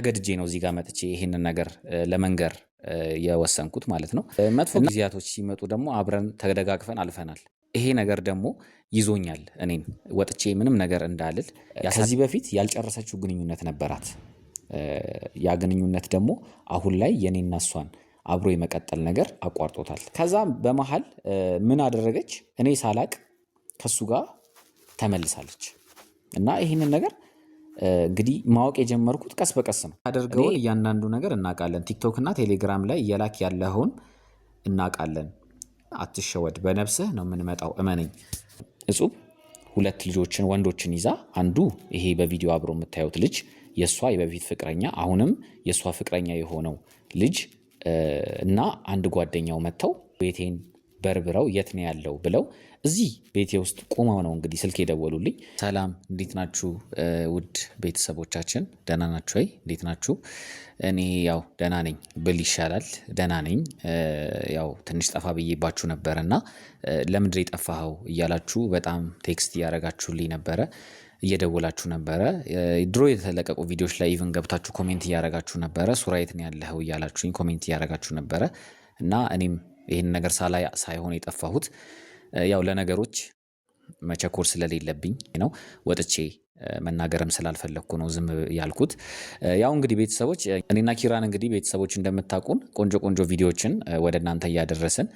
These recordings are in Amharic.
ተገድጄ ነው እዚህ ጋር መጥቼ ይህንን ነገር ለመንገር የወሰንኩት ማለት ነው። መጥፎ ጊዜያቶች ሲመጡ ደግሞ አብረን ተደጋግፈን አልፈናል። ይሄ ነገር ደግሞ ይዞኛል። እኔም ወጥቼ ምንም ነገር እንዳልል ከዚህ በፊት ያልጨረሰችው ግንኙነት ነበራት። ያ ግንኙነት ደግሞ አሁን ላይ የኔና እሷን አብሮ የመቀጠል ነገር አቋርጦታል። ከዛ በመሀል ምን አደረገች? እኔ ሳላቅ ከሱ ጋር ተመልሳለች እና ይህንን ነገር እንግዲህ ማወቅ የጀመርኩት ቀስ በቀስ ነው። አደርገውን እያንዳንዱ ነገር እናውቃለን። ቲክቶክ እና ቴሌግራም ላይ እየላክ ያለውን እናውቃለን። አትሸወድ፣ በነብስህ ነው የምንመጣው። እመነኝ። እጹብ ሁለት ልጆችን ወንዶችን ይዛ አንዱ ይሄ በቪዲዮ አብሮ የምታዩት ልጅ የእሷ የበፊት ፍቅረኛ አሁንም የእሷ ፍቅረኛ የሆነው ልጅ እና አንድ ጓደኛው መጥተው ቤቴን በርብረው የት ነው ያለው ብለው እዚህ ቤቴ ውስጥ ቁመው ነው እንግዲህ ስልክ የደወሉልኝ። ሰላም እንዴት ናችሁ? ውድ ቤተሰቦቻችን ደህና ናችሁ ወይ? እንዴት ናችሁ? እኔ ያው ደህና ነኝ ብል ይሻላል። ደህና ነኝ። ያው ትንሽ ጠፋ ብዬባችሁ ነበረ እና ለምንድን የጠፋኸው እያላችሁ በጣም ቴክስት እያደረጋችሁልኝ ነበረ እየደወላችሁ ነበረ። ድሮ የተለቀቁ ቪዲዮዎች ላይ ኢቨን ገብታችሁ ኮሜንት እያደረጋችሁ ነበረ። ሱራየት ነው ያለኸው እያላችሁኝ ኮሜንት እያደረጋችሁ ነበረ እና እኔም ይህን ነገር ሳላይ ሳይሆን የጠፋሁት ያው ለነገሮች መቸኮር ስለሌለብኝ ነው። ወጥቼ መናገርም ስላልፈለግኩ ነው ዝም ያልኩት። ያው እንግዲህ ቤተሰቦች እኔና ኪራን እንግዲህ ቤተሰቦች እንደምታውቁን ቆንጆ ቆንጆ ቪዲዮዎችን ወደ እናንተ እያደረስን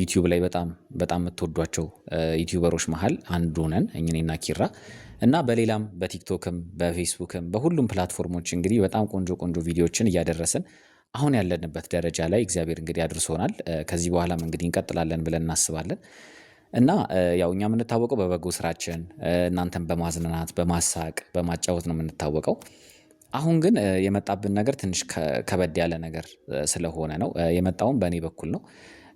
ዩቲዩብ ላይ በጣም በጣም የምትወዷቸው ዩቲዩበሮች መሀል አንዱ ነን እኔና ኪራ እና በሌላም በቲክቶክም በፌስቡክም በሁሉም ፕላትፎርሞች እንግዲህ በጣም ቆንጆ ቆንጆ ቪዲዮዎችን እያደረስን አሁን ያለንበት ደረጃ ላይ እግዚአብሔር እንግዲህ አድርሶናል። ከዚህ በኋላም እንግዲህ እንቀጥላለን ብለን እናስባለን እና ያው እኛ የምንታወቀው በበጎ ስራችን እናንተን በማዝናናት በማሳቅ በማጫወት ነው የምንታወቀው። አሁን ግን የመጣብን ነገር ትንሽ ከበድ ያለ ነገር ስለሆነ ነው የመጣውም በእኔ በኩል ነው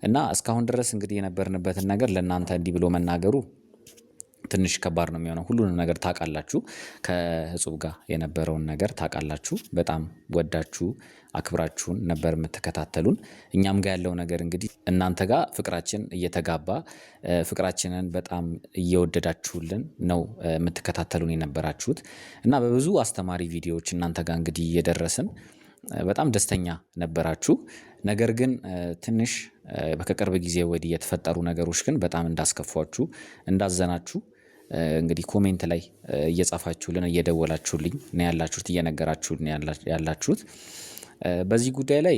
እና እስካሁን ድረስ እንግዲህ የነበርንበትን ነገር ለእናንተ እንዲህ ብሎ መናገሩ ትንሽ ከባድ ነው የሚሆነው። ሁሉንም ነገር ታውቃላችሁ፣ ከእፁብ ጋር የነበረውን ነገር ታውቃላችሁ። በጣም ወዳችሁ አክብራችሁን ነበር የምትከታተሉን። እኛም ጋር ያለው ነገር እንግዲህ እናንተ ጋር ፍቅራችን እየተጋባ ፍቅራችንን በጣም እየወደዳችሁልን ነው የምትከታተሉን የነበራችሁት እና በብዙ አስተማሪ ቪዲዮዎች እናንተ ጋር እንግዲህ እየደረስን በጣም ደስተኛ ነበራችሁ። ነገር ግን ትንሽ ከቅርብ ጊዜ ወዲህ የተፈጠሩ ነገሮች ግን በጣም እንዳስከፏችሁ እንዳዘናችሁ እንግዲህ ኮሜንት ላይ እየጻፋችሁልን እየደወላችሁልኝ ነው ያላችሁት እየነገራችሁልን ያላችሁት በዚህ ጉዳይ ላይ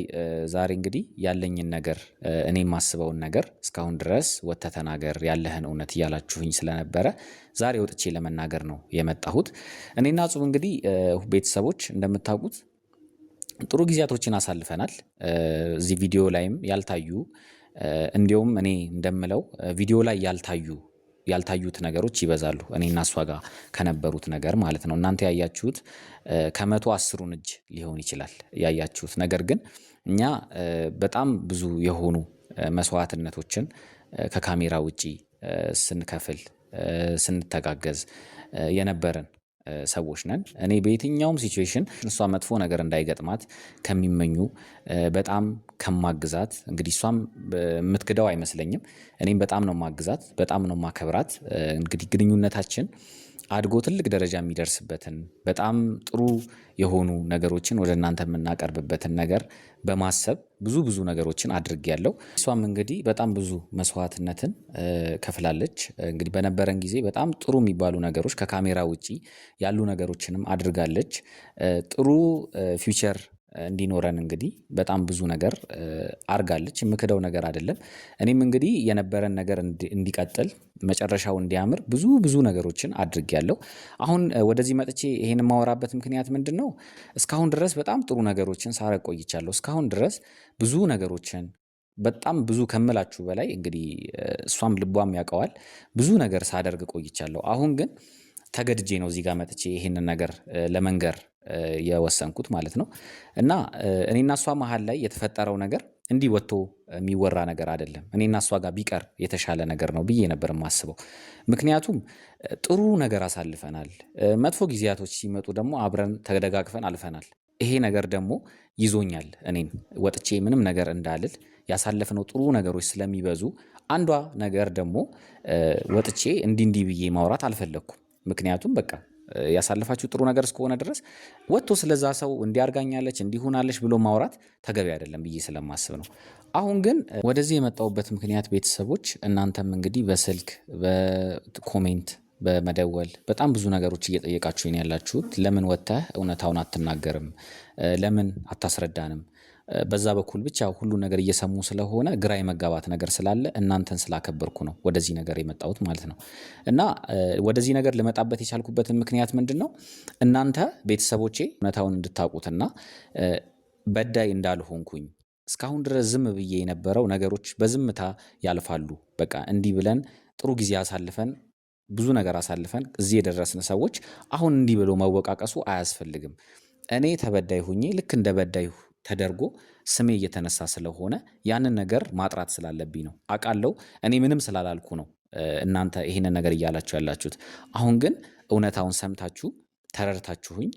ዛሬ እንግዲህ ያለኝን ነገር እኔ የማስበውን ነገር እስካሁን ድረስ ወተ ተናገር ያለህን እውነት እያላችሁኝ ስለነበረ ዛሬ ወጥቼ ለመናገር ነው የመጣሁት። እኔና እጹብ እንግዲህ ቤተሰቦች እንደምታውቁት ጥሩ ጊዜያቶችን አሳልፈናል። እዚህ ቪዲዮ ላይም ያልታዩ እንዲሁም እኔ እንደምለው ቪዲዮ ላይ ያልታዩ ያልታዩት ነገሮች ይበዛሉ። እኔና እሷ ጋር ከነበሩት ነገር ማለት ነው። እናንተ ያያችሁት ከመቶ አስሩን እጅ ሊሆን ይችላል ያያችሁት። ነገር ግን እኛ በጣም ብዙ የሆኑ መስዋዕትነቶችን ከካሜራ ውጪ ስንከፍል ስንተጋገዝ የነበረን ሰዎች ነን። እኔ በየትኛውም ሲቹዌሽን እሷ መጥፎ ነገር እንዳይገጥማት ከሚመኙ በጣም ከማግዛት እንግዲህ እሷም የምትክደው አይመስለኝም። እኔም በጣም ነው ማግዛት፣ በጣም ነው ማከብራት። እንግዲህ ግንኙነታችን አድጎ ትልቅ ደረጃ የሚደርስበትን በጣም ጥሩ የሆኑ ነገሮችን ወደ እናንተ የምናቀርብበትን ነገር በማሰብ ብዙ ብዙ ነገሮችን አድርጌያለሁ። እሷም እንግዲህ በጣም ብዙ መስዋዕትነትን ከፍላለች። እንግዲህ በነበረን ጊዜ በጣም ጥሩ የሚባሉ ነገሮች ከካሜራ ውጪ ያሉ ነገሮችንም አድርጋለች። ጥሩ ፊውቸር እንዲኖረን እንግዲህ በጣም ብዙ ነገር አርጋለች የምክደው ነገር አይደለም። እኔም እንግዲህ የነበረን ነገር እንዲቀጥል መጨረሻው እንዲያምር ብዙ ብዙ ነገሮችን አድርጌያለሁ። አሁን ወደዚህ መጥቼ ይሄንን የማወራበት ምክንያት ነው እስካሁን ድረስ በጣም ጥሩ ነገሮችን ሳረግ ቆይቻለሁ እስካሁን ድረስ ብዙ ነገሮችን በጣም ብዙ ከምላችሁ በላይ እንግዲህ እሷም ልቧም ያውቀዋል ብዙ ነገር ሳደርግ ቆይቻለሁ። አሁን ግን ተገድጄ ነው እዚህ ጋር መጥቼ ይሄንን ነገር ለመንገር የወሰንኩት ማለት ነው። እና እኔና እሷ መሀል ላይ የተፈጠረው ነገር እንዲህ ወጥቶ የሚወራ ነገር አይደለም። እኔና እሷ ጋር ቢቀር የተሻለ ነገር ነው ብዬ ነበር የማስበው። ምክንያቱም ጥሩ ነገር አሳልፈናል። መጥፎ ጊዜያቶች ሲመጡ ደግሞ አብረን ተደጋግፈን አልፈናል። ይሄ ነገር ደግሞ ይዞኛል። እኔን ወጥቼ ምንም ነገር እንዳልል ያሳለፍነው ጥሩ ነገሮች ስለሚበዙ አንዷ ነገር ደግሞ ወጥቼ እንዲህ እንዲህ ብዬ ማውራት አልፈለግኩም። ምክንያቱም በቃ ያሳለፋችሁ ጥሩ ነገር እስከሆነ ድረስ ወጥቶ ስለዛ ሰው እንዲያርጋኛለች እንዲሆናለች ብሎ ማውራት ተገቢ አይደለም ብዬ ስለማስብ ነው። አሁን ግን ወደዚህ የመጣሁበት ምክንያት ቤተሰቦች፣ እናንተም እንግዲህ በስልክ በኮሜንት በመደወል በጣም ብዙ ነገሮች እየጠየቃችሁ ያላችሁት ለምን ወጥተህ እውነታውን አትናገርም? ለምን አታስረዳንም? በዛ በኩል ብቻ ሁሉ ነገር እየሰሙ ስለሆነ ግራ የመጋባት ነገር ስላለ እናንተን ስላከበርኩ ነው ወደዚህ ነገር የመጣሁት ማለት ነው። እና ወደዚህ ነገር ልመጣበት የቻልኩበትን ምክንያት ምንድን ነው? እናንተ ቤተሰቦቼ እውነታውን እንድታውቁትና በዳይ እንዳልሆንኩኝ እስካሁን ድረስ ዝም ብዬ የነበረው ነገሮች በዝምታ ያልፋሉ። በቃ እንዲህ ብለን ጥሩ ጊዜ አሳልፈን ብዙ ነገር አሳልፈን እዚህ የደረስን ሰዎች አሁን እንዲህ ብሎ መወቃቀሱ አያስፈልግም። እኔ ተበዳይ ሁኜ ልክ እንደ በዳይ ተደርጎ ስሜ እየተነሳ ስለሆነ ያንን ነገር ማጥራት ስላለብኝ ነው። አቃለው እኔ ምንም ስላላልኩ ነው እናንተ ይሄንን ነገር እያላችሁ ያላችሁት። አሁን ግን እውነታውን ሰምታችሁ ተረድታችሁኝ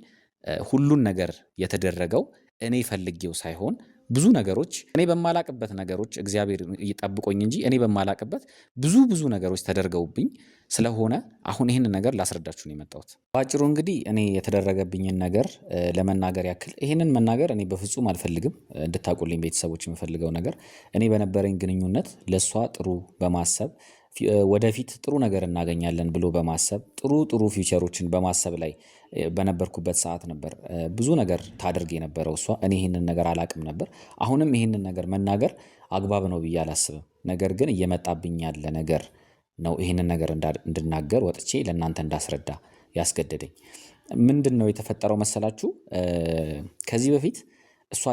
ሁሉን ነገር የተደረገው እኔ ፈልጌው ሳይሆን ብዙ ነገሮች እኔ በማላቅበት ነገሮች እግዚአብሔር ይጠብቆኝ እንጂ እኔ በማላቅበት ብዙ ብዙ ነገሮች ተደርገውብኝ ስለሆነ አሁን ይህን ነገር ላስረዳችሁ ነው የመጣሁት። በአጭሩ እንግዲህ እኔ የተደረገብኝን ነገር ለመናገር ያክል ይህንን መናገር እኔ በፍጹም አልፈልግም። እንድታውቁልኝ ቤተሰቦች የምፈልገው ነገር እኔ በነበረኝ ግንኙነት ለእሷ ጥሩ በማሰብ ወደፊት ጥሩ ነገር እናገኛለን ብሎ በማሰብ ጥሩ ጥሩ ፊውቸሮችን በማሰብ ላይ በነበርኩበት ሰዓት ነበር ብዙ ነገር ታደርግ የነበረው እሷ። እኔ ይህንን ነገር አላቅም ነበር። አሁንም ይህንን ነገር መናገር አግባብ ነው ብዬ አላስብም። ነገር ግን እየመጣብኝ ያለ ነገር ነው ይህንን ነገር እንድናገር ወጥቼ ለእናንተ እንዳስረዳ ያስገደደኝ። ምንድን ነው የተፈጠረው መሰላችሁ? ከዚህ በፊት እሷ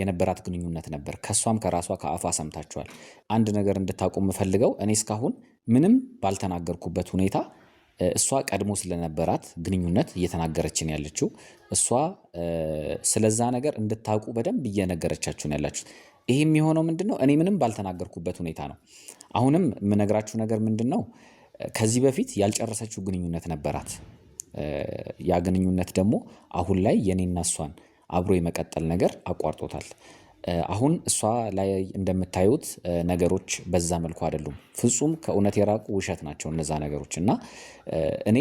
የነበራት ግንኙነት ነበር። ከእሷም ከራሷ ከአፏ ሰምታችኋል። አንድ ነገር እንድታውቁ የምፈልገው እኔ እስካሁን ምንም ባልተናገርኩበት ሁኔታ እሷ ቀድሞ ስለነበራት ግንኙነት እየተናገረችን ያለችው እሷ ስለዛ ነገር እንድታውቁ በደንብ እየነገረቻችሁን ያላችሁት ይሄ የሚሆነው ምንድነው? እኔ ምንም ባልተናገርኩበት ሁኔታ ነው። አሁንም የምነግራችሁ ነገር ነው። ከዚህ በፊት ያልጨረሰችው ግንኙነት ነበራት። ያ ግንኙነት ደግሞ አሁን ላይ የኔና እሷን አብሮ የመቀጠል ነገር አቋርጦታል። አሁን እሷ ላይ እንደምታዩት ነገሮች በዛ መልኩ አይደሉም። ፍጹም ከእውነት የራቁ ውሸት ናቸው እነዛ ነገሮች እና እኔ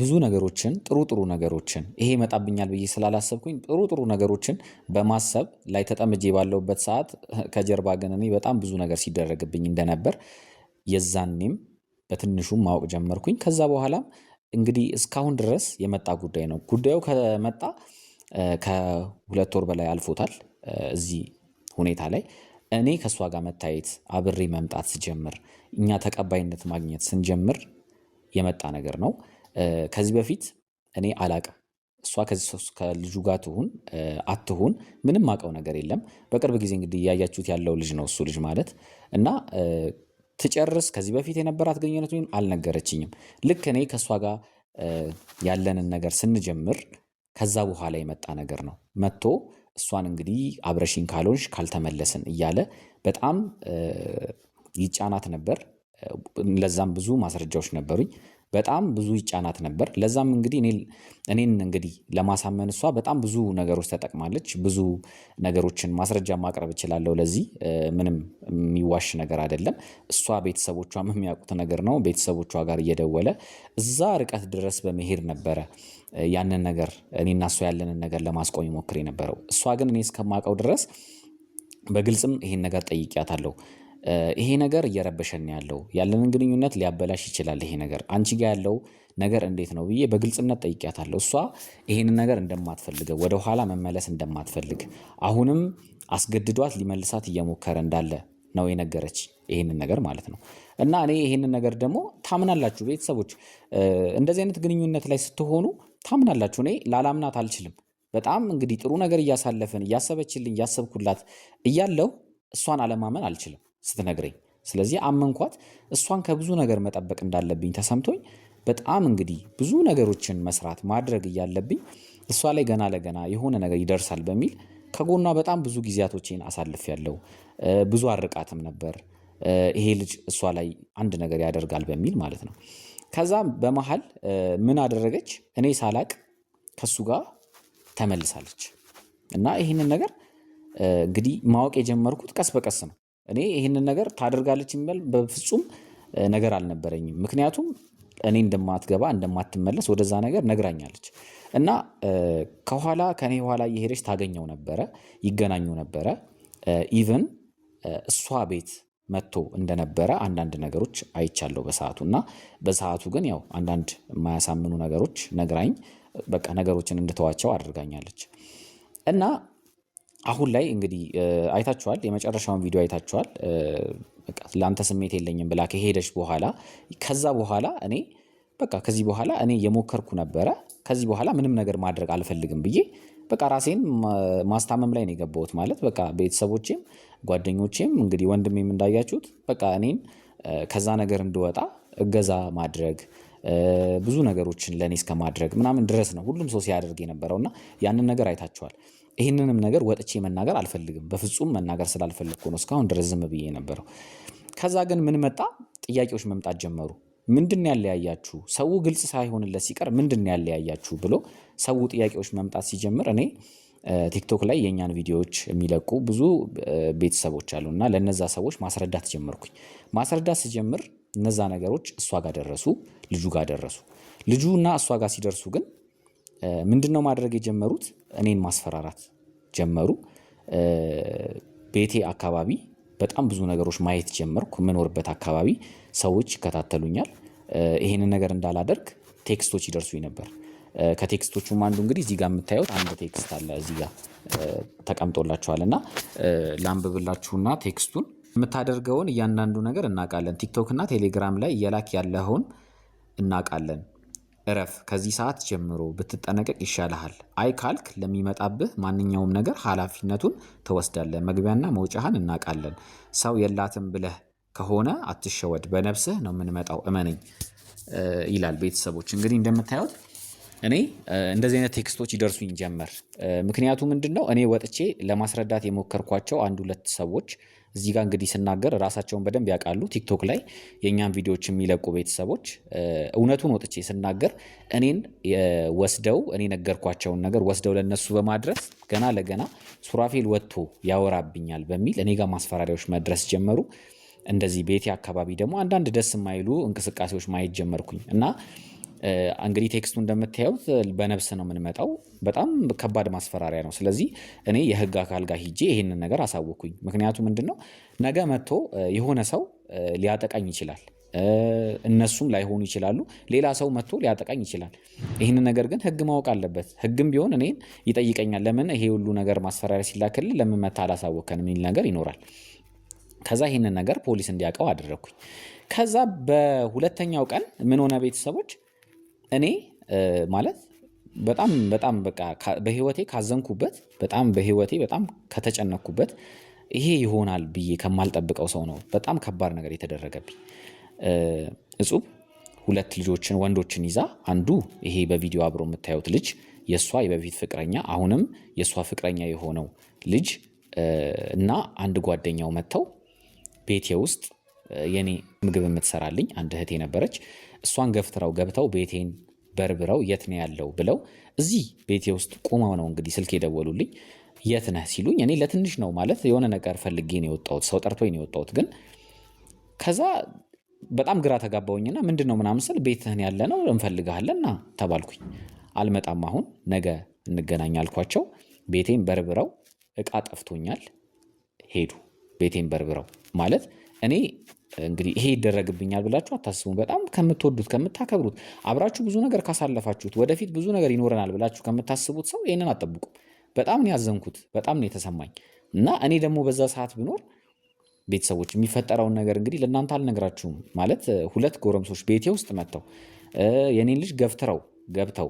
ብዙ ነገሮችን ጥሩ ጥሩ ነገሮችን ይሄ ይመጣብኛል ብዬ ስላላሰብኩኝ ጥሩ ጥሩ ነገሮችን በማሰብ ላይ ተጠምጄ ባለውበት ሰዓት ከጀርባ ግን እኔ በጣም ብዙ ነገር ሲደረግብኝ እንደነበር የዛኔም በትንሹም ማወቅ ጀመርኩኝ። ከዛ በኋላም እንግዲህ እስካሁን ድረስ የመጣ ጉዳይ ነው። ጉዳዩ ከመጣ ከሁለት ወር በላይ አልፎታል እዚህ ሁኔታ ላይ እኔ ከእሷ ጋር መታየት አብሬ መምጣት ስጀምር እኛ ተቀባይነት ማግኘት ስንጀምር የመጣ ነገር ነው። ከዚህ በፊት እኔ አላቅም እሷ ከልጁ ጋር ትሁን አትሁን ምንም አውቀው ነገር የለም። በቅርብ ጊዜ እንግዲህ እያያችሁት ያለው ልጅ ነው እሱ ልጅ ማለት እና ትጨርስ ከዚህ በፊት የነበራት ግንኙነት ወይም አልነገረችኝም። ልክ እኔ ከእሷ ጋር ያለንን ነገር ስንጀምር ከዛ በኋላ የመጣ ነገር ነው መጥቶ እሷን እንግዲህ አብረሽኝ ካልሆንሽ ካልተመለስን እያለ በጣም ይጫናት ነበር ለዛም ብዙ ማስረጃዎች ነበሩኝ። በጣም ብዙ ይጫናት ነበር ለዛም እንግዲህ እኔን እንግዲህ ለማሳመን እሷ በጣም ብዙ ነገሮች ተጠቅማለች ብዙ ነገሮችን ማስረጃ ማቅረብ እችላለሁ ለዚህ ምንም የሚዋሽ ነገር አይደለም። እሷ ቤተሰቦቿም የሚያውቁት ነገር ነው ቤተሰቦቿ ጋር እየደወለ እዛ ርቀት ድረስ በመሄድ ነበረ። ያንን ነገር እኔና እሷ ያለንን ነገር ለማስቆም ይሞክር የነበረው እሷ ግን እኔ እስከማውቀው ድረስ በግልጽም ይሄን ነገር ጠይቄያታለሁ ይሄ ነገር እየረበሸን ያለው ያለንን ግንኙነት ሊያበላሽ ይችላል። ይሄ ነገር አንቺ ጋ ያለው ነገር እንዴት ነው ብዬ በግልጽነት ጠይቄያታለሁ። እሷ ይሄንን ነገር እንደማትፈልገው ወደኋላ መመለስ እንደማትፈልግ አሁንም አስገድዷት ሊመልሳት እየሞከረ እንዳለ ነው የነገረች ይሄንን ነገር ማለት ነው። እና እኔ ይሄንን ነገር ደግሞ ታምናላችሁ ቤተሰቦች፣ እንደዚህ አይነት ግንኙነት ላይ ስትሆኑ ታምናላችሁ። እኔ ላላምናት አልችልም። በጣም እንግዲህ ጥሩ ነገር እያሳለፍን እያሰበችልኝ እያሰብኩላት እያለሁ እሷን አለማመን አልችልም። ስትነግረኝ። ስለዚህ አመንኳት። እሷን ከብዙ ነገር መጠበቅ እንዳለብኝ ተሰምቶኝ በጣም እንግዲህ ብዙ ነገሮችን መስራት ማድረግ እያለብኝ እሷ ላይ ገና ለገና የሆነ ነገር ይደርሳል በሚል ከጎኗ በጣም ብዙ ጊዜያቶቼን ያለው ብዙ አርቃትም ነበር። ይሄ ልጅ እሷ ላይ አንድ ነገር ያደርጋል በሚል ማለት ነው። ከዛም በመሀል ምን አደረገች? እኔ ሳላቅ ከሱ ጋር ተመልሳለች። እና ይህንን ነገር እንግዲህ ማወቅ የጀመርኩት ቀስ በቀስ ነው። እኔ ይህንን ነገር ታደርጋለች የሚባል በፍጹም ነገር አልነበረኝም። ምክንያቱም እኔ እንደማትገባ እንደማትመለስ ወደዛ ነገር ነግራኛለች። እና ከኋላ ከኔ ኋላ እየሄደች ታገኘው ነበረ፣ ይገናኙ ነበረ። ኢቨን እሷ ቤት መጥቶ እንደነበረ አንዳንድ ነገሮች አይቻለሁ በሰዓቱ እና በሰዓቱ ግን ያው አንዳንድ የማያሳምኑ ነገሮች ነግራኝ በቃ ነገሮችን እንድተዋቸው አድርጋኛለች እና አሁን ላይ እንግዲህ አይታችኋል የመጨረሻውን ቪዲዮ አይታችኋል። ለአንተ ስሜት የለኝም ብላ ከሄደች በኋላ ከዛ በኋላ እኔ በቃ ከዚህ በኋላ እኔ የሞከርኩ ነበረ። ከዚህ በኋላ ምንም ነገር ማድረግ አልፈልግም ብዬ በቃ ራሴን ማስታመም ላይ ነው የገባሁት። ማለት በቃ ቤተሰቦቼም ጓደኞቼም እንግዲህ ወንድሜም እንዳያችሁት በቃ እኔን ከዛ ነገር እንድወጣ እገዛ ማድረግ ብዙ ነገሮችን ለእኔ እስከማድረግ ምናምን ድረስ ነው ሁሉም ሰው ሲያደርግ የነበረው እና ያንን ነገር አይታችኋል። ይህንንም ነገር ወጥቼ መናገር አልፈልግም። በፍጹም መናገር ስላልፈለግኩ ነው እስካሁን ድረዝም ብዬ የነበረው። ከዛ ግን ምን መጣ? ጥያቄዎች መምጣት ጀመሩ። ምንድን ያለያያችሁ? ሰው ግልጽ ሳይሆንለት ሲቀር ምንድን ያለያያችሁ ብሎ ሰው ጥያቄዎች መምጣት ሲጀምር እኔ ቲክቶክ ላይ የእኛን ቪዲዮዎች የሚለቁ ብዙ ቤተሰቦች አሉ እና ለነዛ ሰዎች ማስረዳት ጀመርኩኝ። ማስረዳት ስጀምር እነዛ ነገሮች እሷ ጋር ደረሱ፣ ልጁ ጋር ደረሱ። ልጁ እና እሷ ጋር ሲደርሱ ግን ምንድን ነው ማድረግ የጀመሩት? እኔን ማስፈራራት ጀመሩ። ቤቴ አካባቢ በጣም ብዙ ነገሮች ማየት ጀመርኩ። የምኖርበት አካባቢ ሰዎች ይከታተሉኛል። ይሄንን ነገር እንዳላደርግ ቴክስቶች ይደርሱኝ ነበር። ከቴክስቶቹም አንዱ እንግዲህ እዚህ ጋር የምታዩት አንድ ቴክስት አለ እዚህ ጋር ተቀምጦላችኋል እና ላንብብላችሁና ቴክስቱን የምታደርገውን እያንዳንዱ ነገር እናውቃለን። ቲክቶክ እና ቴሌግራም ላይ እየላክ ያለውን እናውቃለን እረፍ፣ ከዚህ ሰዓት ጀምሮ ብትጠነቀቅ ይሻልሃል። አይ ካልክ ለሚመጣብህ ማንኛውም ነገር ኃላፊነቱን ትወስዳለህ። መግቢያና መውጫህን እናውቃለን። ሰው የላትም ብለህ ከሆነ አትሸወድ፣ በነፍስህ ነው የምንመጣው፣ እመነኝ ይላል። ቤተሰቦች እንግዲህ እንደምታዩት እኔ እንደዚህ አይነት ቴክስቶች ይደርሱኝ ጀመር። ምክንያቱ ምንድን ነው? እኔ ወጥቼ ለማስረዳት የሞከርኳቸው አንድ ሁለት ሰዎች እዚህ ጋር እንግዲህ ስናገር ራሳቸውን በደንብ ያውቃሉ። ቲክቶክ ላይ የእኛን ቪዲዮዎች የሚለቁ ቤተሰቦች እውነቱን ወጥቼ ስናገር እኔን ወስደው እኔ ነገርኳቸውን ነገር ወስደው ለነሱ በማድረስ ገና ለገና ሱራፌል ወጥቶ ያወራብኛል በሚል እኔ ጋር ማስፈራሪያዎች መድረስ ጀመሩ። እንደዚህ ቤቴ አካባቢ ደግሞ አንዳንድ ደስ የማይሉ እንቅስቃሴዎች ማየት ጀመርኩኝ እና እንግዲህ ቴክስቱ እንደምታዩት በነብስ ነው የምንመጣው። በጣም ከባድ ማስፈራሪያ ነው። ስለዚህ እኔ የህግ አካል ጋር ሂጄ ይህንን ነገር አሳወቅኩኝ። ምክንያቱ ምንድን ነው? ነገ መጥቶ የሆነ ሰው ሊያጠቃኝ ይችላል። እነሱም ላይሆኑ ይችላሉ። ሌላ ሰው መጥቶ ሊያጠቃኝ ይችላል። ይህንን ነገር ግን ህግ ማወቅ አለበት። ህግም ቢሆን እኔን ይጠይቀኛል። ለምን ይሄ ሁሉ ነገር ማስፈራሪያ ሲላክልህ ለምን መታ አላሳወከን የሚል ነገር ይኖራል። ከዛ ይህንን ነገር ፖሊስ እንዲያውቀው አደረግኩኝ። ከዛ በሁለተኛው ቀን ምን ሆነ ቤተሰቦች እኔ ማለት በጣም በጣም በቃ በህይወቴ ካዘንኩበት በጣም በህይወቴ በጣም ከተጨነኩበት ይሄ ይሆናል ብዬ ከማልጠብቀው ሰው ነው በጣም ከባድ ነገር የተደረገብኝ። እጹብ ሁለት ልጆችን ወንዶችን ይዛ አንዱ ይሄ በቪዲዮ አብሮ የምታዩት ልጅ የእሷ የበፊት ፍቅረኛ አሁንም የእሷ ፍቅረኛ የሆነው ልጅ እና አንድ ጓደኛው መጥተው ቤቴ ውስጥ የኔ ምግብ የምትሰራልኝ አንድ እህቴ ነበረች። እሷን ገፍትረው ገብተው ቤቴን በርብረው የት ነው ያለው ብለው እዚህ ቤቴ ውስጥ ቁመው ነው እንግዲህ ስልክ የደወሉልኝ። የት ነህ ሲሉኝ እኔ ለትንሽ ነው ማለት የሆነ ነገር ፈልጌ ነው የወጣሁት፣ ሰው ጠርቶኝ ነው የወጣሁት። ግን ከዛ በጣም ግራ ተጋባውኝና ምንድን ነው ምናምን ስል ቤትህን ያለ ነው እንፈልግሃለና ተባልኩኝ። አልመጣም አሁን ነገ እንገናኝ አልኳቸው። ቤቴን በርብረው እቃ ጠፍቶኛል ሄዱ። ቤቴን በርብረው ማለት እኔ እንግዲህ ይሄ ይደረግብኛል ብላችሁ አታስቡም። በጣም ከምትወዱት ከምታከብሩት፣ አብራችሁ ብዙ ነገር ካሳለፋችሁት፣ ወደፊት ብዙ ነገር ይኖረናል ብላችሁ ከምታስቡት ሰው ይህንን አጠብቁም። በጣም ነው ያዘንኩት፣ በጣም ነው የተሰማኝ እና እኔ ደግሞ በዛ ሰዓት ብኖር ቤተሰቦች የሚፈጠረውን ነገር እንግዲህ ለእናንተ አልነግራችሁም። ማለት ሁለት ጎረምሶች ቤቴ ውስጥ መጥተው የኔን ልጅ ገፍትረው ገብተው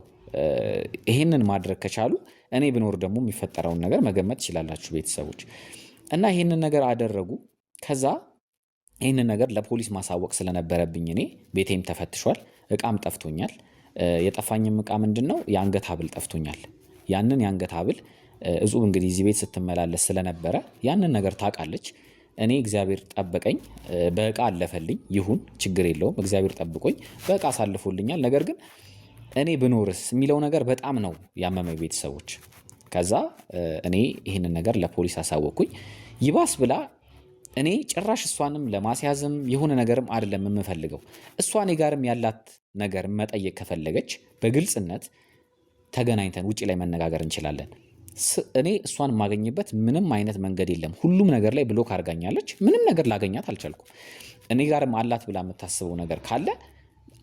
ይሄንን ማድረግ ከቻሉ እኔ ብኖር ደግሞ የሚፈጠረውን ነገር መገመት ትችላላችሁ ቤተሰቦች። እና ይህንን ነገር አደረጉ ከዛ ይህንን ነገር ለፖሊስ ማሳወቅ ስለነበረብኝ እኔ ቤቴም ተፈትሿል፣ እቃም ጠፍቶኛል። የጠፋኝም እቃ ምንድን ነው የአንገት ሀብል ጠፍቶኛል። ያንን የአንገት ሀብል እጹብ እንግዲህ እዚህ ቤት ስትመላለስ ስለነበረ ያንን ነገር ታውቃለች። እኔ እግዚአብሔር ጠበቀኝ፣ በእቃ አለፈልኝ። ይሁን ችግር የለውም እግዚአብሔር ጠብቆኝ በእቃ አሳልፎልኛል። ነገር ግን እኔ ብኖርስ የሚለው ነገር በጣም ነው ያመመኝ ቤተሰቦች። ከዛ እኔ ይህንን ነገር ለፖሊስ አሳወቅኩኝ። ይባስ ብላ እኔ ጭራሽ እሷንም ለማስያዝም የሆነ ነገርም አይደለም የምፈልገው። እሷ እኔ ጋርም ያላት ነገር መጠየቅ ከፈለገች በግልጽነት ተገናኝተን ውጭ ላይ መነጋገር እንችላለን። እኔ እሷን የማገኝበት ምንም አይነት መንገድ የለም። ሁሉም ነገር ላይ ብሎክ አድርጋኛለች። ምንም ነገር ላገኛት አልቻልኩም። እኔ ጋርም አላት ብላ የምታስበው ነገር ካለ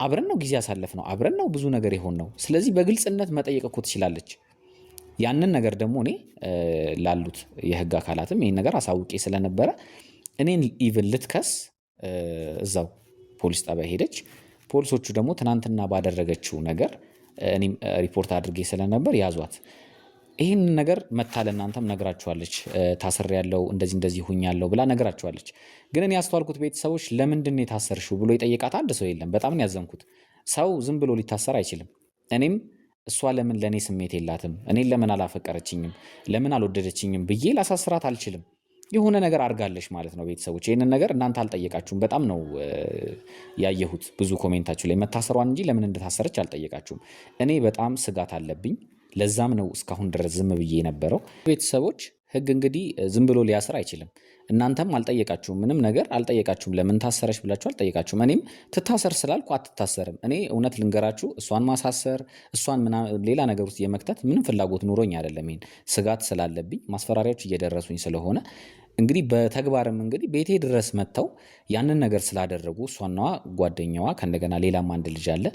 አብረን ነው ጊዜ ያሳለፍ ነው፣ አብረን ነው ብዙ ነገር የሆን ነው። ስለዚህ በግልጽነት መጠየቅ እኮ ትችላለች። ያንን ነገር ደግሞ እኔ ላሉት የህግ አካላትም ይህን ነገር አሳውቄ ስለነበረ እኔን ኢቭን ልትከስ እዛው ፖሊስ ጣቢያ ሄደች። ፖሊሶቹ ደግሞ ትናንትና ባደረገችው ነገር እኔም ሪፖርት አድርጌ ስለነበር ያዟት። ይህን ነገር መታ ለእናንተም ነግራችኋለች። ታስር ያለው እንደዚህ እንደዚህ ሁኛለሁ ብላ ነግራችኋለች። ግን እኔ ያስተዋልኩት ቤተሰቦች ለምንድን ነው የታሰርሽው ብሎ የጠየቃት አንድ ሰው የለም። በጣም ነው ያዘንኩት። ሰው ዝም ብሎ ሊታሰር አይችልም። እኔም እሷ ለምን ለእኔ ስሜት የላትም፣ እኔን ለምን አላፈቀረችኝም፣ ለምን አልወደደችኝም ብዬ ላሳስራት አልችልም። የሆነ ነገር አድርጋለች ማለት ነው። ቤተሰቦች ይህንን ነገር እናንተ አልጠየቃችሁም። በጣም ነው ያየሁት ብዙ ኮሜንታችሁ ላይ መታሰሯን እንጂ ለምን እንደታሰረች አልጠየቃችሁም። እኔ በጣም ስጋት አለብኝ። ለዛም ነው እስካሁን ድረስ ዝም ብዬ የነበረው። ቤተሰቦች ህግ እንግዲህ ዝም ብሎ ሊያስር አይችልም። እናንተም አልጠየቃችሁም፣ ምንም ነገር አልጠየቃችሁም። ለምን ታሰረች ብላችሁ አልጠየቃችሁም። እኔም ትታሰር ስላልኩ አትታሰርም። እኔ እውነት ልንገራችሁ፣ እሷን ማሳሰር እሷን ሌላ ነገር ውስጥ የመክተት ምንም ፍላጎት ኑሮኝ አይደለም። ይሄን ስጋት ስላለብኝ ማስፈራሪያዎች እየደረሱኝ ስለሆነ እንግዲህ በተግባርም እንግዲህ ቤቴ ድረስ መጥተው ያንን ነገር ስላደረጉ እሷና ጓደኛዋ ከእንደገና ሌላም አንድ ልጅ አለ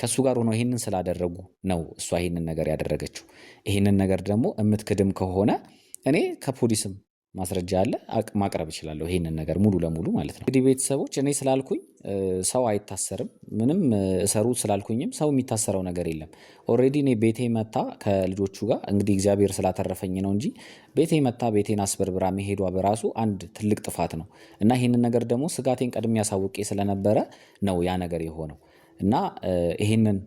ከእሱ ጋር ሆነው ይህንን ስላደረጉ ነው እሷ ይህንን ነገር ያደረገችው። ይህንን ነገር ደግሞ እምትክድም ከሆነ እኔ ከፖሊስም ማስረጃ አለ ማቅረብ እችላለሁ። ይሄንን ነገር ሙሉ ለሙሉ ማለት ነው። እንግዲህ ቤተሰቦች እኔ ስላልኩኝ ሰው አይታሰርም። ምንም እሰሩ ስላልኩኝም ሰው የሚታሰረው ነገር የለም። ኦልሬዲ እኔ ቤቴ መታ ከልጆቹ ጋር እንግዲህ እግዚአብሔር ስላተረፈኝ ነው እንጂ ቤቴ መታ ቤቴን አስበርብራ መሄዷ በራሱ አንድ ትልቅ ጥፋት ነው እና ይሄንን ነገር ደግሞ ስጋቴን ቀድሜ ያሳውቄ ስለነበረ ነው ያ ነገር የሆነው እና ይሄንን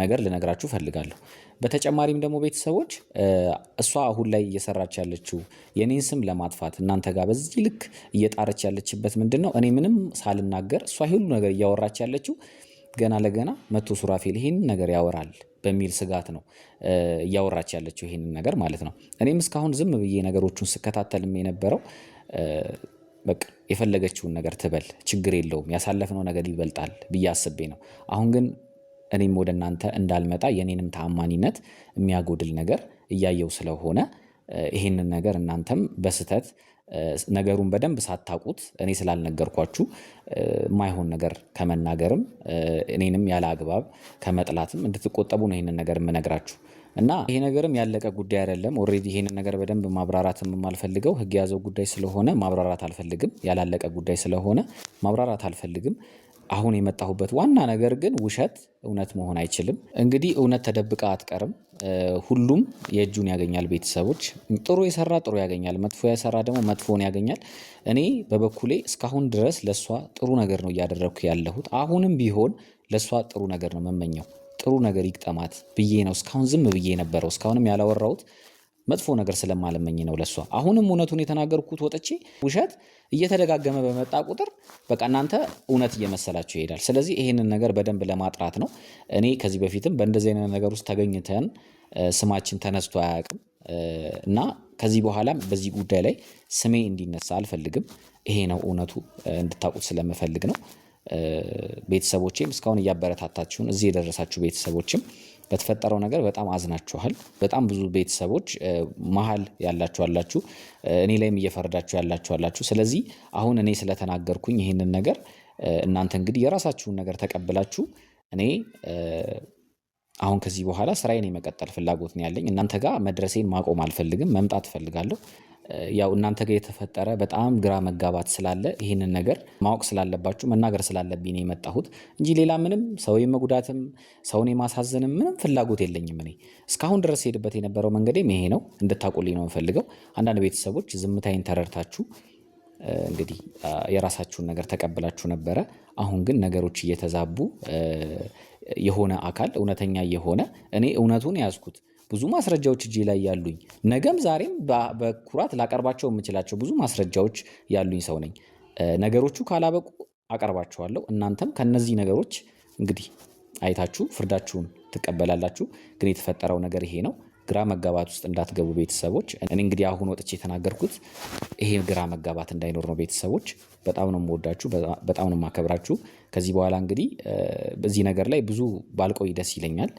ነገር ልነግራችሁ እፈልጋለሁ። በተጨማሪም ደግሞ ቤተሰቦች እሷ አሁን ላይ እየሰራች ያለችው የኔን ስም ለማጥፋት እናንተ ጋር በዚህ ልክ እየጣረች ያለችበት ምንድን ነው? እኔ ምንም ሳልናገር እሷ ሁሉ ነገር እያወራች ያለችው ገና ለገና መቶ ሱራፌል ይህን ነገር ያወራል በሚል ስጋት ነው እያወራች ያለችው ይህን ነገር ማለት ነው። እኔም እስካሁን ዝም ብዬ ነገሮቹን ስከታተልም የነበረው በቃ የፈለገችውን ነገር ትበል ችግር የለውም ያሳለፍነው ነገር ይበልጣል ብዬ አስቤ ነው። አሁን ግን እኔም ወደ እናንተ እንዳልመጣ የኔንም ተአማኒነት የሚያጎድል ነገር እያየው ስለሆነ ይሄንን ነገር እናንተም በስህተት ነገሩን በደንብ ሳታውቁት እኔ ስላልነገርኳችሁ ማይሆን ነገር ከመናገርም እኔንም ያለ አግባብ ከመጥላትም እንድትቆጠቡ ነው ይህንን ነገር የምነግራችሁ። እና ይሄ ነገርም ያለቀ ጉዳይ አይደለም። ኦሬዲ ይሄንን ነገር በደንብ ማብራራት የማልፈልገው ህግ የያዘው ጉዳይ ስለሆነ ማብራራት አልፈልግም። ያላለቀ ጉዳይ ስለሆነ ማብራራት አልፈልግም። አሁን የመጣሁበት ዋና ነገር ግን ውሸት እውነት መሆን አይችልም። እንግዲህ እውነት ተደብቃ አትቀርም። ሁሉም የእጁን ያገኛል። ቤተሰቦች ጥሩ የሰራ ጥሩ ያገኛል፣ መጥፎ የሰራ ደግሞ መጥፎን ያገኛል። እኔ በበኩሌ እስካሁን ድረስ ለእሷ ጥሩ ነገር ነው እያደረግኩ ያለሁት። አሁንም ቢሆን ለእሷ ጥሩ ነገር ነው መመኘው። ጥሩ ነገር ይግጠማት ብዬ ነው እስካሁን ዝም ብዬ ነበረው እስካሁንም ያላወራሁት መጥፎ ነገር ስለማለመኝ ነው ለሷ። አሁንም እውነቱን የተናገርኩት ወጥቼ ውሸት እየተደጋገመ በመጣ ቁጥር በቃ እናንተ እውነት እየመሰላችሁ ይሄዳል። ስለዚህ ይሄንን ነገር በደንብ ለማጥራት ነው። እኔ ከዚህ በፊትም በእንደዚህ አይነት ነገር ውስጥ ተገኝተን ስማችን ተነስቶ አያውቅም እና ከዚህ በኋላም በዚህ ጉዳይ ላይ ስሜ እንዲነሳ አልፈልግም። ይሄ ነው እውነቱ እንድታውቁት ስለምፈልግ ነው። ቤተሰቦቼም እስካሁን እያበረታታችሁን እዚህ የደረሳችሁ ቤተሰቦችም በተፈጠረው ነገር በጣም አዝናችኋል። በጣም ብዙ ቤተሰቦች መሀል ያላችሁ አላችሁ፣ እኔ ላይም እየፈረዳችሁ ያላችሁ አላችሁ። ስለዚህ አሁን እኔ ስለተናገርኩኝ ይህንን ነገር እናንተ እንግዲህ የራሳችሁን ነገር ተቀብላችሁ እኔ አሁን ከዚህ በኋላ ስራዬን የመቀጠል ፍላጎት ነው ያለኝ። እናንተ ጋር መድረሴን ማቆም አልፈልግም፣ መምጣት እፈልጋለሁ። ያው እናንተ ጋር የተፈጠረ በጣም ግራ መጋባት ስላለ ይህንን ነገር ማወቅ ስላለባችሁ መናገር ስላለብኝ ነው የመጣሁት እንጂ ሌላ ምንም ሰው የመጉዳትም ሰውን የማሳዘንም ምንም ፍላጎት የለኝም። እኔ እስካሁን ድረስ ሄድበት የነበረው መንገዴም ይሄ ነው። እንድታውቁልኝ ነው የምፈልገው። አንዳንድ ቤተሰቦች ዝምታይን ተረድታችሁ እንግዲህ የራሳችሁን ነገር ተቀብላችሁ ነበረ። አሁን ግን ነገሮች እየተዛቡ የሆነ አካል እውነተኛ እየሆነ እኔ እውነቱን ያዝኩት ብዙ ማስረጃዎች እጄ ላይ ያሉኝ ነገም ዛሬም በኩራት ላቀርባቸው የምችላቸው ብዙ ማስረጃዎች ያሉኝ ሰው ነኝ። ነገሮቹ ካላበቁ አቀርባቸዋለሁ። እናንተም ከነዚህ ነገሮች እንግዲህ አይታችሁ ፍርዳችሁን ትቀበላላችሁ። ግን የተፈጠረው ነገር ይሄ ነው። ግራ መጋባት ውስጥ እንዳትገቡ ቤተሰቦች። እኔ እንግዲህ አሁን ወጥቼ የተናገርኩት ይሄ ግራ መጋባት እንዳይኖር ነው። ቤተሰቦች በጣም ነው የምወዳችሁ፣ በጣም ነው የማከብራችሁ። ከዚህ በኋላ እንግዲህ በዚህ ነገር ላይ ብዙ ባልቆይ ደስ ይለኛል።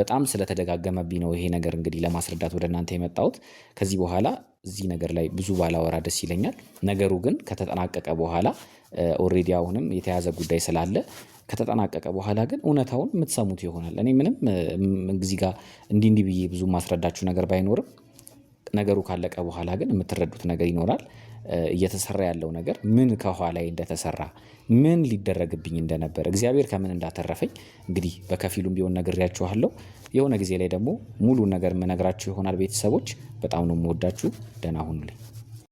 በጣም ስለተደጋገመብኝ ነው ይሄ ነገር እንግዲህ ለማስረዳት ወደ እናንተ የመጣሁት። ከዚህ በኋላ እዚህ ነገር ላይ ብዙ ባላወራ ደስ ይለኛል። ነገሩ ግን ከተጠናቀቀ በኋላ ኦሬዲ አሁንም የተያዘ ጉዳይ ስላለ ከተጠናቀቀ በኋላ ግን እውነታውን የምትሰሙት ይሆናል። እኔ ምንም እዚህ ጋር እንዲህ እንዲህ ብዬ ብዙ ማስረዳችሁ ነገር ባይኖርም ነገሩ ካለቀ በኋላ ግን የምትረዱት ነገር ይኖራል። እየተሰራ ያለው ነገር ምን ከኋላ ላይ እንደተሰራ ምን ሊደረግብኝ እንደነበረ እግዚአብሔር ከምን እንዳተረፈኝ እንግዲህ በከፊሉም ቢሆን ነግሬያችኋለሁ። የሆነ ጊዜ ላይ ደግሞ ሙሉ ነገር የምነግራችሁ ይሆናል። ቤተሰቦች በጣም ነው የምወዳችሁ። ደህና ሁኑልኝ።